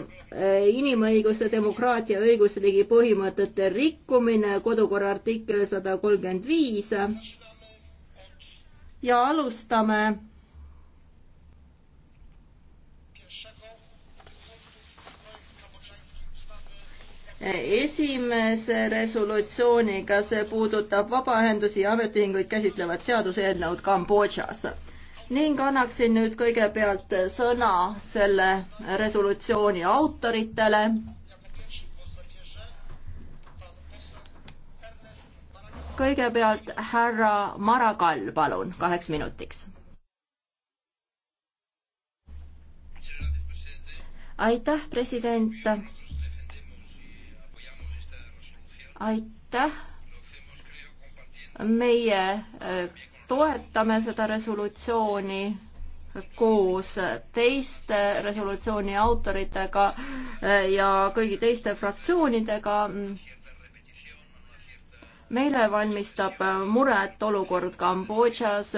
inimõiguste, demokraatia, õigusriigi põhimõtete rikkumine, kodukorra artikkel sada kolmkümmend viis. ja alustame. esimese resolutsiooniga, see puudutab vabaühendusi ja ametiühinguid käsitlevat seaduseelnõud Kambodžas ning annaksin nüüd kõigepealt sõna selle resolutsiooni autoritele. kõigepealt härra Maragall, palun, kaheks minutiks. aitäh, president. aitäh. meie äh, toetame seda resolutsiooni koos teiste resolutsiooni autoritega eh, ja kõigi teiste fraktsioonidega. meile valmistab muret olukord Kambodžas.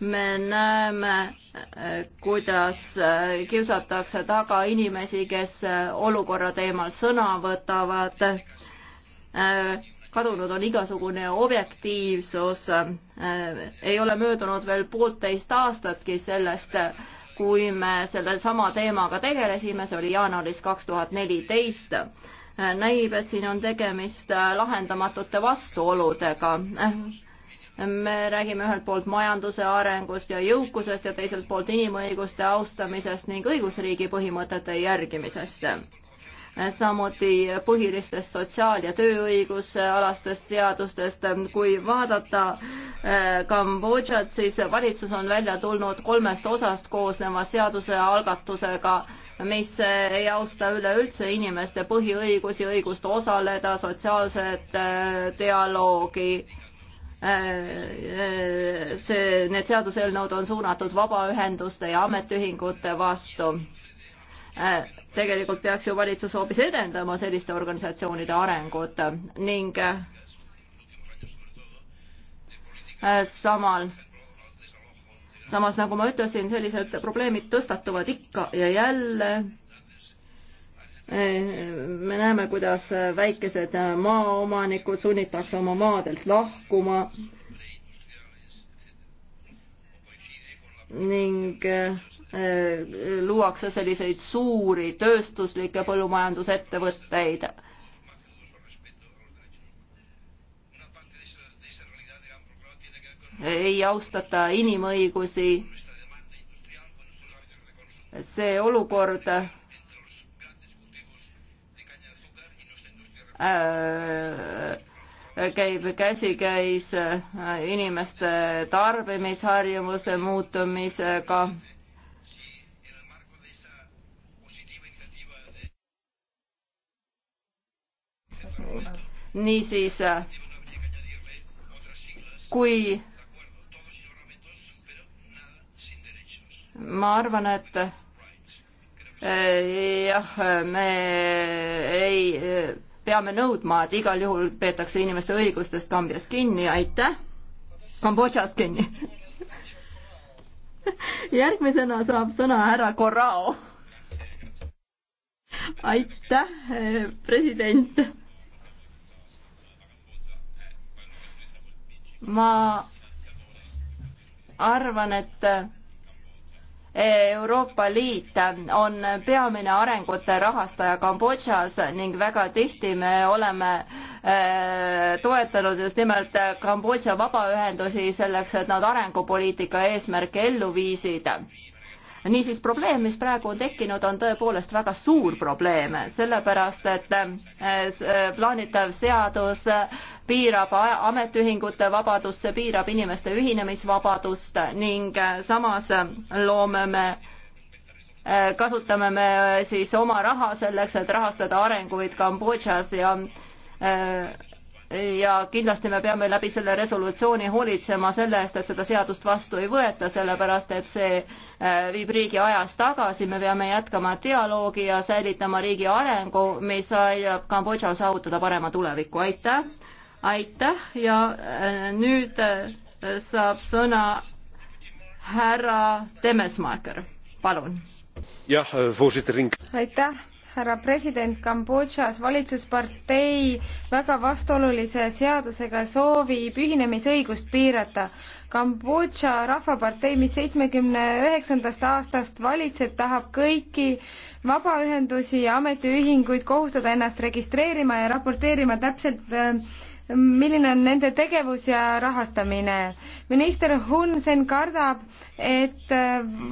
me näeme, eh, kuidas eh, kiusatakse taga inimesi, kes olukorra teemal sõna võtavad kadunud on igasugune objektiivsus. Äh, ei ole möödunud veel poolteist aastatki sellest, kui me sellesama teemaga tegelesime, see oli jaanuaris kaks tuhat neliteist äh, näib, et siin on tegemist äh, lahendamatute vastuoludega. me räägime ühelt poolt majanduse arengust ja jõukusest ja teiselt poolt inimõiguste austamisest ning õigusriigi põhimõtete järgimisest samuti põhilistest sotsiaal- ja tööõigusalastest seadustest. kui vaadata eh, Kambodžat, siis valitsus on välja tulnud kolmest osast koosneva seadusealgatusega mis ei austa üleüldse inimeste põhiõigusi, õigust osaleda, sotsiaalset eh, dialoogi. Eh, see, need seaduseelnõud on suunatud vabaühenduste ja ametiühingute vastu Äh, tegelikult peaks ju valitsus hoopis edendama selliste organisatsioonide arengut ning äh, äh, samal, samas nagu ma ütlesin, sellised probleemid tõstatuvad ikka ja jälle me näeme, kuidas väikesed maaomanikud sunnitakse oma maadelt lahkuma ning Äh, luuakse selliseid suuri tööstuslikke põllumajandusettevõtteid. ei austata inimõigusi. see olukord äh, käib käsikäis äh, inimeste tarbimisharjumuse muutumisega niisiis, äh, kui ma arvan, et äh, jah, me ei, äh, peame nõudma, et igal juhul peetakse inimeste õigustest Kambjas kinni, aitäh, Kambodžas kinni. järgmisena saab sõna härra Korrao. aitäh, president ma arvan, et Euroopa Liit on peamine arengute rahastaja Kambodžas ning väga tihti me oleme äh, toetanud just nimelt Kambodža vabaühendusi selleks, et nad arengupoliitika eesmärke ellu viisid. niisiis probleem, mis praegu on tekkinud, on tõepoolest väga suur probleem, sellepärast et äh, plaanitav seadus piirab ametiühingute vabadust, see piirab inimeste ühinemisvabadust ning äh, samas äh, loome me äh, kasutame me siis oma raha selleks, et rahastada arenguid Kambodžas ja ja kindlasti me peame läbi selle resolutsiooni hoolitsema selle eest, et seda seadust vastu ei võeta, sellepärast et see viib riigi ajas tagasi, me peame jätkama dialoogi ja säilitama riigi arengu, mis aitab Kambodžal saavutada parema tuleviku, aitäh! aitäh ja äh, nüüd äh, saab sõna härra Temesmaeker, palun. jah, äh, aitäh härra president Kambodžas valitsuspartei väga vastuolulise seadusega soovib ühinemisõigust piirata. Kambodža rahvapartei, mis seitsmekümne üheksandast aastast valitseb, tahab kõiki vabaühendusi ja ametiühinguid kohustada ennast registreerima ja raporteerima täpselt äh, milline on nende tegevus ja rahastamine. minister Hun Sen kardab, et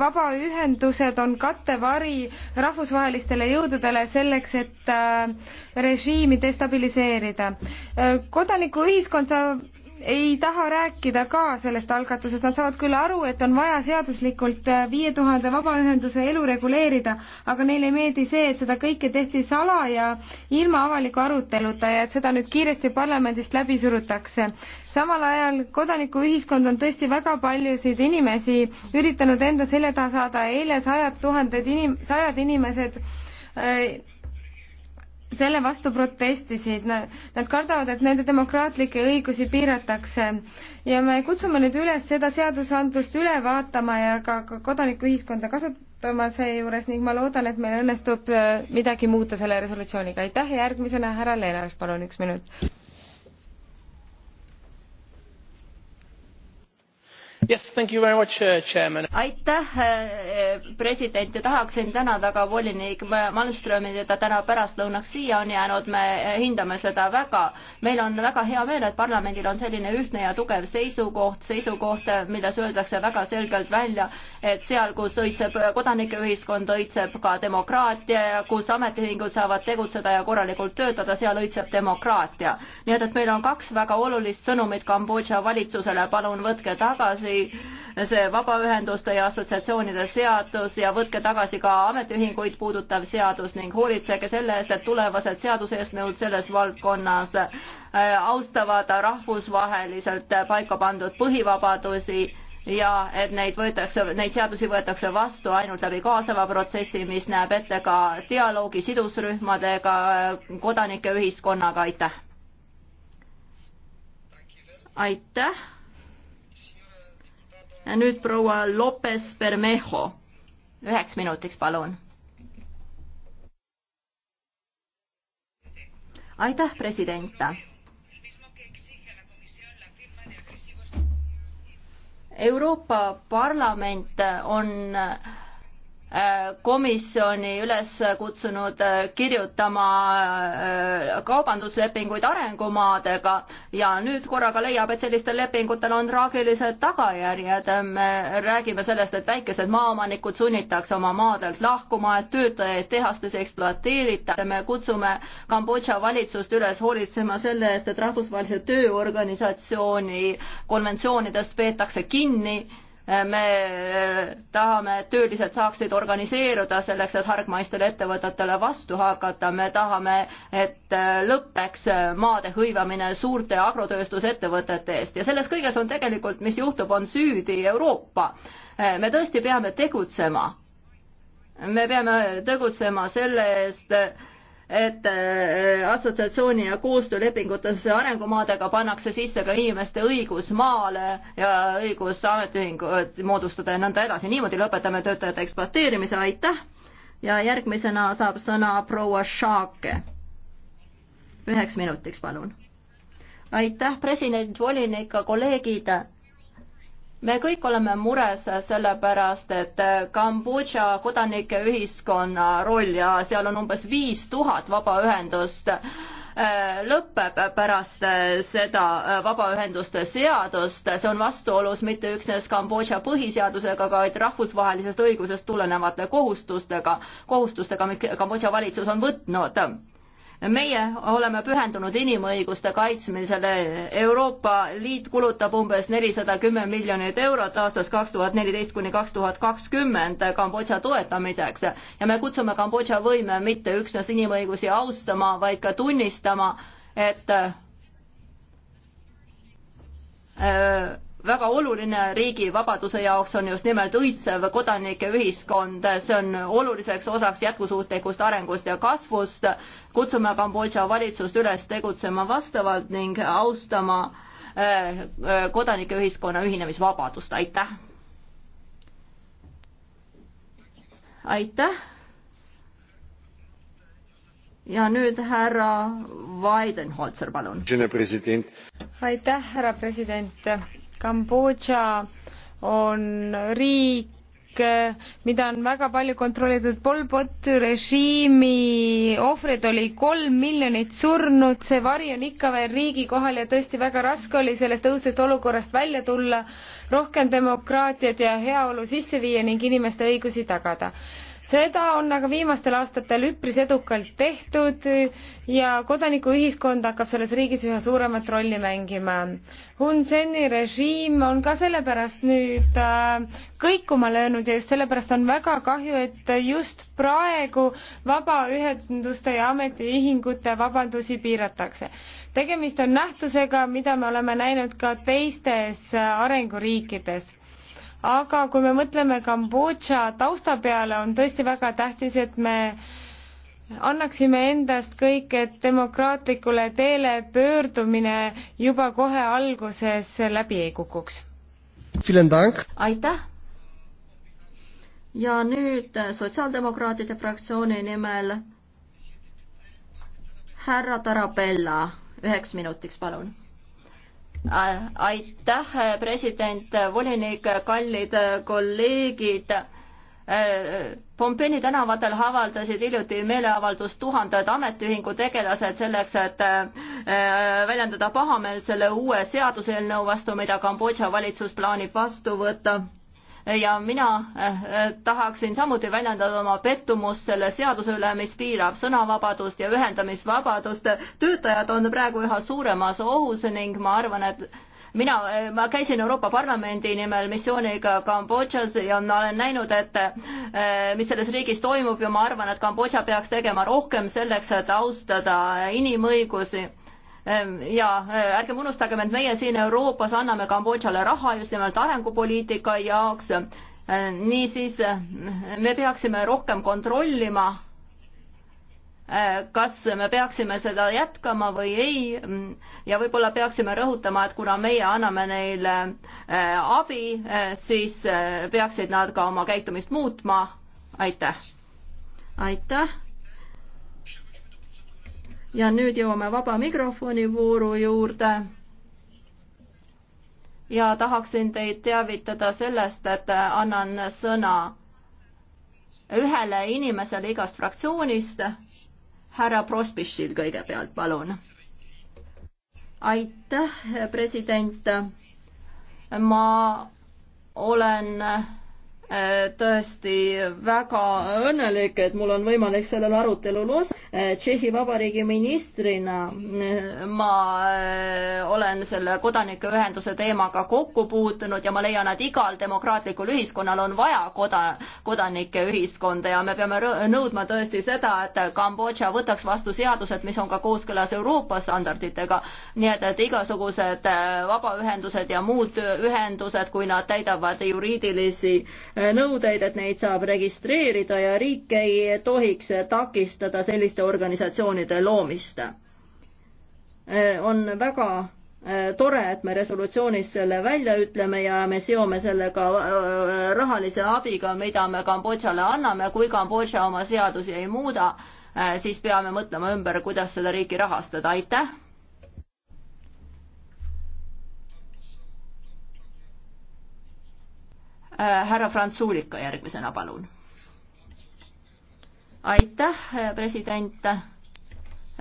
vabaühendused on kattevari rahvusvahelistele jõududele selleks, et äh, režiimi destabiliseerida. Äh, kodanikuühiskond saab ei taha rääkida ka sellest algatusest, nad saavad küll aru, et on vaja seaduslikult äh, viie tuhande vabaühenduse elu reguleerida, aga neile ei meeldi see, et seda kõike tehti salaja, ilma avaliku aruteluta ja et seda nüüd kiiresti parlamendist läbi surutakse. samal ajal kodanikuühiskond on tõesti väga paljusid inimesi üritanud enda selja taha saada, eile sajad tuhanded inim-, sajad inimesed äh, selle vastu protestisid, nad kardavad, et nende demokraatlikke õigusi piiratakse ja me kutsume nüüd üles seda seadusandlust üle vaatama ja ka, ka kodanikuühiskonda kasutama seejuures ning ma loodan, et meil õnnestub äh, midagi muuta selle resolutsiooniga. aitäh ja järgmisena härra Leenars, palun üks minut Yes, much, uh, aitäh äh, president ja tahaksin tänada ka volinik malmströmi et ta täna pärastlõunaks siia on jäänud me äh, hindame seda väga meil on väga hea meel et parlamendil on selline ühtne ja tugev seisukoht seisukoht äh, milles öeldakse väga selgelt välja et seal kus õitseb kodanikeühiskond õitseb ka demokraatia ja kus ametiühingud saavad tegutseda ja korralikult töötada seal õitseb demokraatia nii et et meil on kaks väga olulist sõnumit kambodža valitsusele palun võtke tagasi tagasi see vabaühenduste ja assotsiatsioonide seadus ja võtke tagasi ka ametiühinguid puudutav seadus ning hoolitsege selle eest, et tulevased seaduseesnõud selles valdkonnas äh, austavad rahvusvaheliselt paika pandud põhivabadusi ja et neid võetakse, neid seadusi võetakse vastu ainult läbi kaasava protsessi, mis näeb ette ka dialoogi sidusrühmadega, kodanike ühiskonnaga, aitäh! aitäh! nüüd proua Lopes Bermejo. üheks minutiks, palun. aitäh, president. Euroopa Parlament on komisjoni üles kutsunud äh, kirjutama äh, kaubanduslepinguid arengumaadega ja nüüd korraga leiab, et sellistel lepingutel on traagilised tagajärjed. me räägime sellest, et väikesed maaomanikud sunnitakse oma maadelt lahkuma, et töötajaid tehastes ekspluateeritakse. me kutsume Kambodža valitsust üles hoolitsema selle eest, et rahvusvahelise tööorganisatsiooni konventsioonidest peetakse kinni me eh, tahame, et töölised saaksid organiseeruda selleks, et hargmaistele ettevõtetele vastu hakata, me tahame, et eh, lõpeks eh, maade hõivamine suurte agrotööstusettevõtete eest ja selles kõiges on tegelikult, mis juhtub, on süüdi Euroopa. me tõesti peame tegutsema. me peame tegutsema selle eest, et äh, assotsiatsiooni ja koostöölepingutes arengumaadega pannakse sisse ka inimeste õigus maale ja õigus ametiühingut moodustada ja nõnda edasi. niimoodi lõpetame töötajate ekspluateerimise, aitäh! ja järgmisena saab sõna proua Šaake. üheks minutiks, palun. aitäh, president, volinik, kolleegid me kõik oleme mures sellepärast, et Kambodža kodanike ühiskonna roll ja seal on umbes viis tuhat vabaühendust, äh, lõpeb pärast seda vabaühenduste seadust, see on vastuolus mitte üksnes Kambodža põhiseadusega, vaid rahvusvahelisest õigusest tulenevate kohustustega, kohustustega, mis Kambodža valitsus on võtnud meie oleme pühendunud inimõiguste kaitsmisele. Euroopa Liit kulutab umbes nelisada kümme miljonit eurot aastast kaks tuhat neliteist kuni kaks tuhat kakskümmend Kambodža toetamiseks ja me kutsume Kambodža võime mitte üksnes inimõigusi austama, vaid ka tunnistama, et öö, äh, väga oluline riigi vabaduse jaoks on just nimelt õitsev kodanike ühiskond, see on oluliseks osaks jätkusuutlikust arengust ja kasvust. kutsume Kambodža valitsust üles tegutsema vastavalt ning austama äh, äh, kodanike ühiskonna ühinemisvabadust, aitäh. aitäh. ja nüüd härra Weidenholzer, palun. aitäh, härra president Kambodža on riik, riik, mida on väga palju kontrollitud, Pol Pot režiimi ohvreid oli kolm miljonit surnud, see vari on ikka veel riigi kohal ja tõesti väga raske oli sellest õudsest olukorrast välja tulla, rohkem demokraatiat ja heaolu sisse viia ning inimeste õigusi tagada seda on aga viimastel aastatel üpris edukalt tehtud ja kodanikuühiskond hakkab selles riigis üha suuremat rolli mängima. Hun Seni režiim on ka sellepärast nüüd äh, kõikuma löönud ja just sellepärast on väga kahju, et just praegu vabaühenduste ja ametiühingute vabandusi piiratakse. tegemist on nähtusega, mida me oleme näinud ka teistes äh, arenguriikides aga kui me mõtleme Kambodža tausta peale, on tõesti väga tähtis, et me annaksime endast kõik, et demokraatlikule teele pöördumine juba kohe alguses läbi ei kukuks. aitäh! ja nüüd Sotsiaaldemokraatide fraktsiooni nimel härra Tarabella, üheks minutiks, palun Äh, aitäh, äh, president, äh, volinik, kallid kolleegid. Pompeii tänavatel avaldasid hiljuti meeleavaldust tuhanded ametiühingu tegelased selleks, et väljendada pahameelt selle uue seaduseelnõu vastu, mida Kambodža valitsus plaanib vastu võtta ja mina eh, eh, tahaksin samuti väljendada oma pettumust selle seaduse üle, mis piirab sõnavabadust ja ühendamisvabadust. töötajad on praegu üha suuremas ohus ning ma arvan, et mina, eh, ma käisin Euroopa Parlamendi nimel missiooniga Kambodžas ja ma olen näinud, et mis selles riigis toimub ja ma arvan, et Kambodža peaks tegema rohkem selleks, et austada inimõigusi Ehm, ja eh, ärgem unustagem, et meie siin Euroopas anname Kambodžale raha just nimelt arengupoliitika jaoks. Ehm, niisiis eh, me peaksime rohkem kontrollima, eh, kas me peaksime seda jätkama või ei mm, ja võib-olla peaksime rõhutama, et kuna meie anname neile abi, siis peaksid nad ka oma käitumist muutma. aitäh. aitäh ja nüüd jõuame vaba mikrofoni vooru juurde. ja tahaksin teid teavitada sellest, et annan sõna ühele inimesele igast fraktsioonist. härra Prospišil kõigepealt, palun. aitäh, president. ma olen Äh, tõesti väga õnnelik, et mul on võimalik sellel arutelul osa-. Äh, Tšehhi Vabariigi ministrina äh, ma olen selle kodanikuühenduse teemaga kokku puutunud ja ma leian, et igal demokraatlikul ühiskonnal on vaja koda, kodanike ühiskonda ja me peame nõudma tõesti seda, et Kambodža võtaks vastu seadused, mis on ka kooskõlas Euroopa standarditega. nii et, et igasugused vabaühendused ja muud ühendused, kui nad täidavad juriidilisi nõudeid, et neid saab registreerida ja riik ei tohiks takistada selliste organisatsioonide loomist. on väga äh, tore, et me resolutsioonis selle välja ütleme ja me seome selle ka äh, rahalise abiga, mida me Kambodžale anname, kui Kambodža oma seadusi ei muuda, äh, siis peame mõtlema ümber, kuidas seda riiki rahastada, aitäh! Äh, härra Frantsuulika järgmisena, palun. aitäh, äh, president.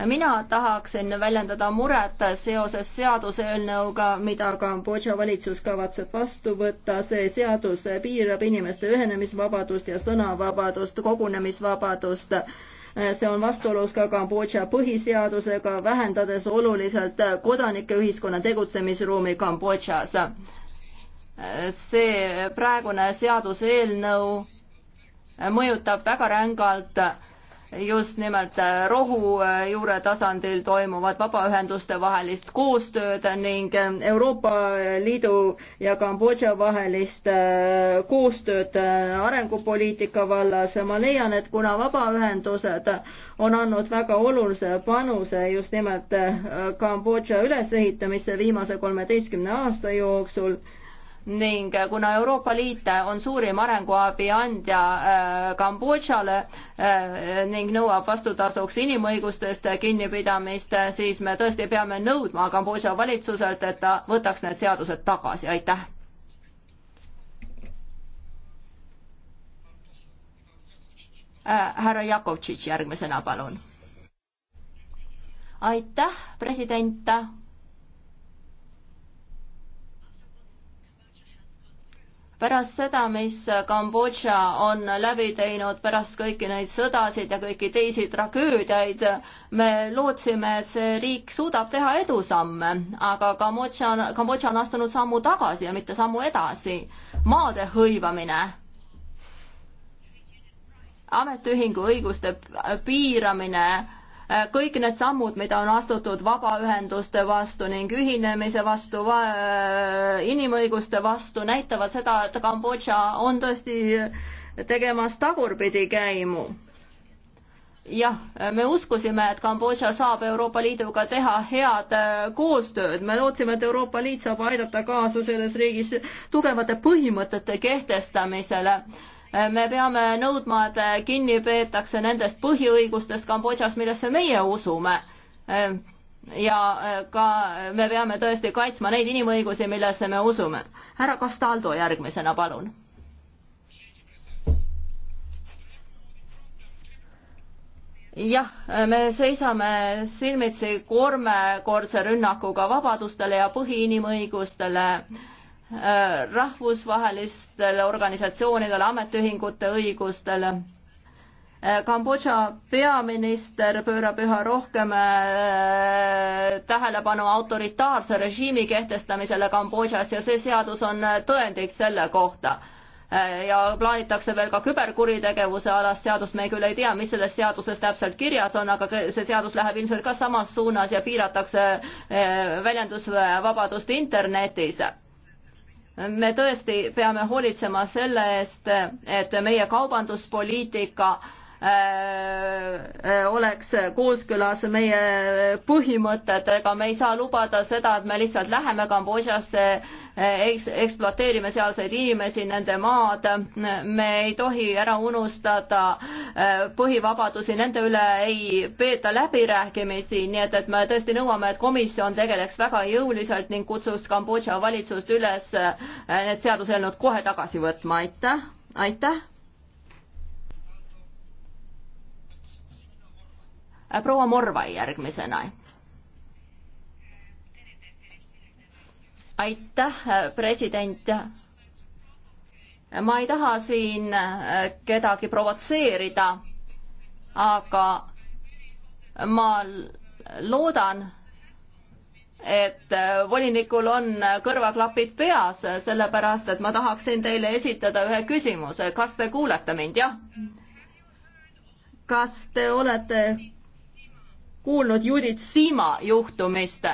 mina tahaksin väljendada muret seoses seaduseelnõuga, mida Kambodža valitsus kavatseb vastu võtta. see seadus piirab inimeste ühenemisvabadust ja sõnavabadust, kogunemisvabadust see on vastuolus ka Kambodža põhiseadusega, vähendades oluliselt kodanike ühiskonna tegutsemisruumi Kambodžas see praegune seaduseelnõu mõjutab väga rängalt just nimelt rohujuure tasandil toimuvat vabaühenduste vahelist koostööd ning Euroopa Liidu ja Kambodža vahelist äh, koostööd äh, arengupoliitika vallas. ma leian, et kuna vabaühendused on andnud väga olulise panuse just nimelt äh, Kambodža ülesehitamisse viimase kolmeteistkümne aasta jooksul, ning äh, kuna Euroopa Liit äh, on suurim arenguabi andja äh, Kambodžale ning nõuab vastutasuks inimõigustest kinnipidamist, siis me tõesti peame nõudma Kambodža valitsuselt, et ta võtaks need seadused tagasi, aitäh. härra Jakovtšitš järgmisena, palun. aitäh, president pärast seda, mis Kambodža on läbi teinud, pärast kõiki neid sõdasid ja kõiki teisi tragöödiaid, me lootsime, et see riik suudab teha edusamme, aga Kambodža on, Kambodža on astunud sammu tagasi ja mitte sammu edasi. maade hõivamine, ametiühingu õiguste piiramine Äh, kõik need sammud, mida on astutud vabaühenduste vastu ning ühinemise vastu, äh, inimõiguste vastu, näitavad seda, et Kambodža on tõesti tegemas tagurpidi käimu. jah, me uskusime, et Kambodža saab Euroopa Liiduga teha head äh, koostööd, me lootsime, et Euroopa Liit saab aidata kaasa selles riigis tugevate põhimõtete kehtestamisele me peame nõudma, et kinni peetakse nendest põhiõigustest Kambodžas, millesse meie usume. ja ka me peame tõesti kaitsma neid inimõigusi, millesse me usume. härra Castaldo järgmisena, palun. jah, me seisame silmitsi kolmekordse rünnakuga vabadustele ja põhiinimõigustele Äh, rahvusvahelistele organisatsioonidele, ametiühingute õigustele. Äh, Kambodža peaminister pöörab üha rohkem äh, tähelepanu autoritaarse režiimi kehtestamisele Kambodžas ja see seadus on tõendiks selle kohta ja plaanitakse veel ka küberkuritegevuse alast seadust, me küll ei tea, mis selles seaduses täpselt kirjas on, aga see seadus läheb ilmselt ka samas suunas ja piiratakse väljendusvabadust internetis me tõesti peame hoolitsema selle eest, et meie kaubanduspoliitika äh, Äh, äh, oleks kooskõlas meie põhimõtetega, me ei saa lubada seda, et me lihtsalt läheme Kambodžasse, äh, eks-, ekspluateerime sealseid inimesi, nende maad, me ei tohi ära unustada põhivabadusi, nende üle ei peeta läbirääkimisi, nii et, et me tõesti nõuame, et komisjon tegeleks väga jõuliselt ning kutsuks Kambodža valitsust üles need seaduseelnõud kohe tagasi võtma, aitäh, aitäh! Äh, proua Morvai järgmisena. aitäh, äh, president ma ei taha siin äh, kedagi provotseerida, aga ma loodan, et volinikul on kõrvaklapid peas, sellepärast et ma tahaksin teile esitada ühe küsimuse, kas te kuulete mind, jah? kas te olete kuulnud Judith Siima juhtumist.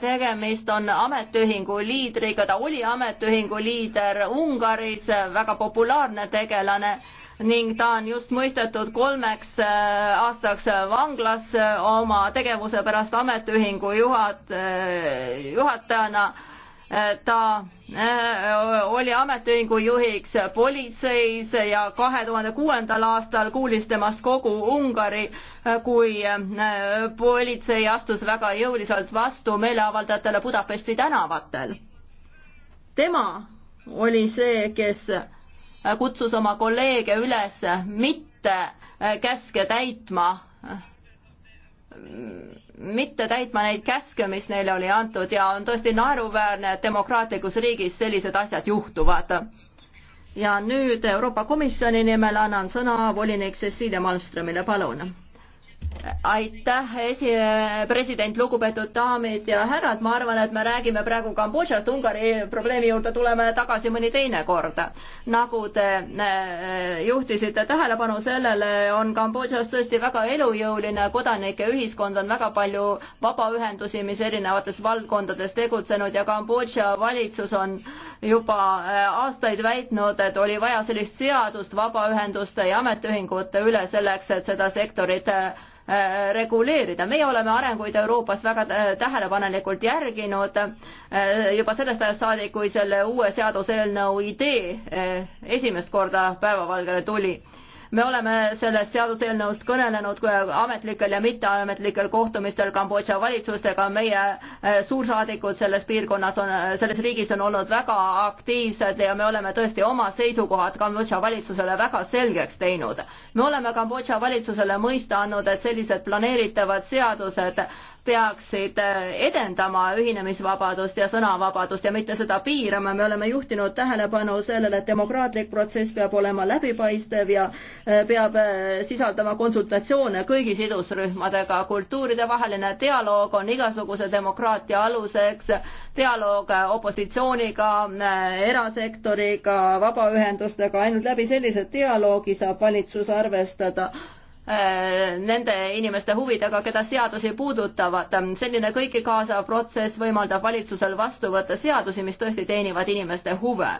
tegemist on ametiühingu liidriga, ta oli ametiühingu liider Ungaris, väga populaarne tegelane ning ta on just mõistetud kolmeks äh, aastaks vanglas oma tegevuse pärast ametiühingu juhat-, äh, juhatajana ta äh, oli ametiühingu juhiks politseis ja kahe tuhande kuuendal aastal kuulis temast kogu Ungari, äh, kui äh, politsei astus väga jõuliselt vastu meeleavaldajatele Budapesti tänavatel. tema oli see, kes kutsus oma kolleege üles mitte käske täitma mitte täitma neid käske, mis neile oli antud ja on tõesti naeruväärne, et demokraatlikus riigis sellised asjad juhtuvad. ja nüüd Euroopa Komisjoni nimel annan sõna volinik Cecilia Malmströmile, palun aitäh, esi-, president, lugupeetud daamid ja härrad, ma arvan, et me räägime praegu Kambodžast, Ungari probleemi juurde tuleme tagasi mõni teine kord. nagu te äh, juhtisite tähelepanu sellele, on Kambodžas tõesti väga elujõuline kodanike ühiskond, on väga palju vabaühendusi, mis erinevates valdkondades tegutsenud ja Kambodža valitsus on juba äh, aastaid väitnud, et oli vaja sellist seadust vabaühenduste ja ametiühingute üle selleks, et seda sektorit äh, Äh, reguleerida. meie oleme arenguid Euroopas väga äh, tähelepanelikult järginud äh, juba sellest ajast saadik, kui selle uue seaduseelnõu idee esimest korda päevavalgele tuli me oleme sellest seaduseelnõust kõnelenud ametlikel ja mitteametlikel kohtumistel Kambodža valitsustega, meie eh, suursaadikud selles piirkonnas on, eh, selles riigis on olnud väga aktiivsed ja me oleme tõesti oma seisukohad Kambodža valitsusele väga selgeks teinud. me oleme Kambodža valitsusele mõista andnud, et sellised planeeritavad seadused peaksid äh, edendama ühinemisvabadust ja sõnavabadust ja mitte seda piirama. me oleme juhtinud tähelepanu sellele, et demokraatlik protsess peab olema läbipaistev ja äh, peab äh, sisaldama konsultatsioone kõigi sidusrühmadega. kultuuridevaheline dialoog on igasuguse demokraatia aluseks, dialoog opositsiooniga, erasektoriga, vabaühendustega, ainult läbi sellise dialoogi saab valitsus arvestada Äh, nende inimeste huvidega, keda seadusi puudutavad. selline kõiki kaasav protsess võimaldab valitsusel vastu võtta seadusi, mis tõesti teenivad inimeste huve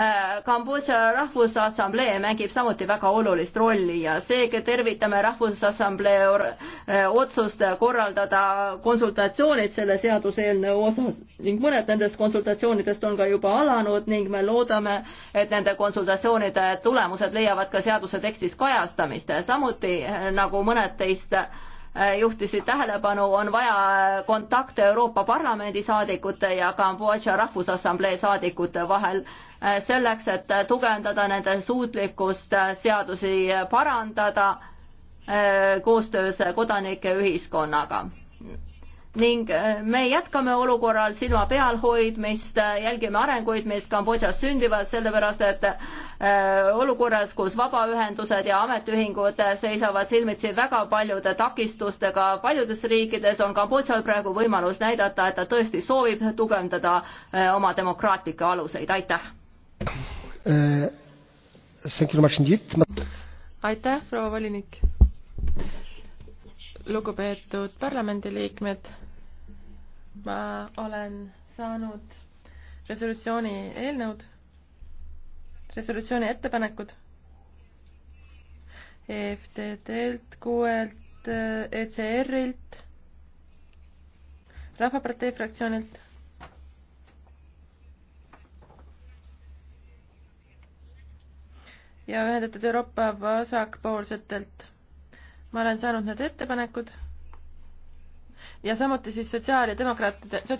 Äh, Kambodža Rahvusassamblee mängib samuti väga olulist rolli ja seega tervitame Rahvusassamblee äh, otsust korraldada konsultatsioonid selle seaduseelnõu osas ning mõned nendest konsultatsioonidest on ka juba alanud ning me loodame, et nende konsultatsioonide tulemused leiavad ka seaduse tekstis kajastamist. samuti äh, nagu mõned teist Äh, juhtisid tähelepanu, on vaja kontakte Euroopa Parlamendi saadikute ja Kambodža Rahvusassamblee saadikute vahel äh, selleks, et tugevdada nende suutlikkust äh, seadusi parandada koostöös kodanike ühiskonnaga ning äh, me jätkame olukorral silma peal hoidmist, äh, jälgime arenguid, mis Kambodžas sündivad, sellepärast et äh, olukorras, kus vabaühendused ja ametiühingud seisavad silmitsi väga paljude takistustega paljudes riikides, on Kambodžal praegu võimalus näidata, et ta tõesti soovib tugevdada oma demokraatlikke aluseid, aitäh! aitäh, proua volinik! lugupeetud parlamendiliikmed, ma olen saanud resolutsiooni eelnõud, resolutsiooni ettepanekud EFTT-lt, QE-lt, ECR-ilt, Rahvapartei fraktsioonilt ja Ühendatud Euroopa vasakpoolsetelt ma olen saanud need ettepanekud ja samuti siis sotsiaal- ja demokraatide, sotsiaal-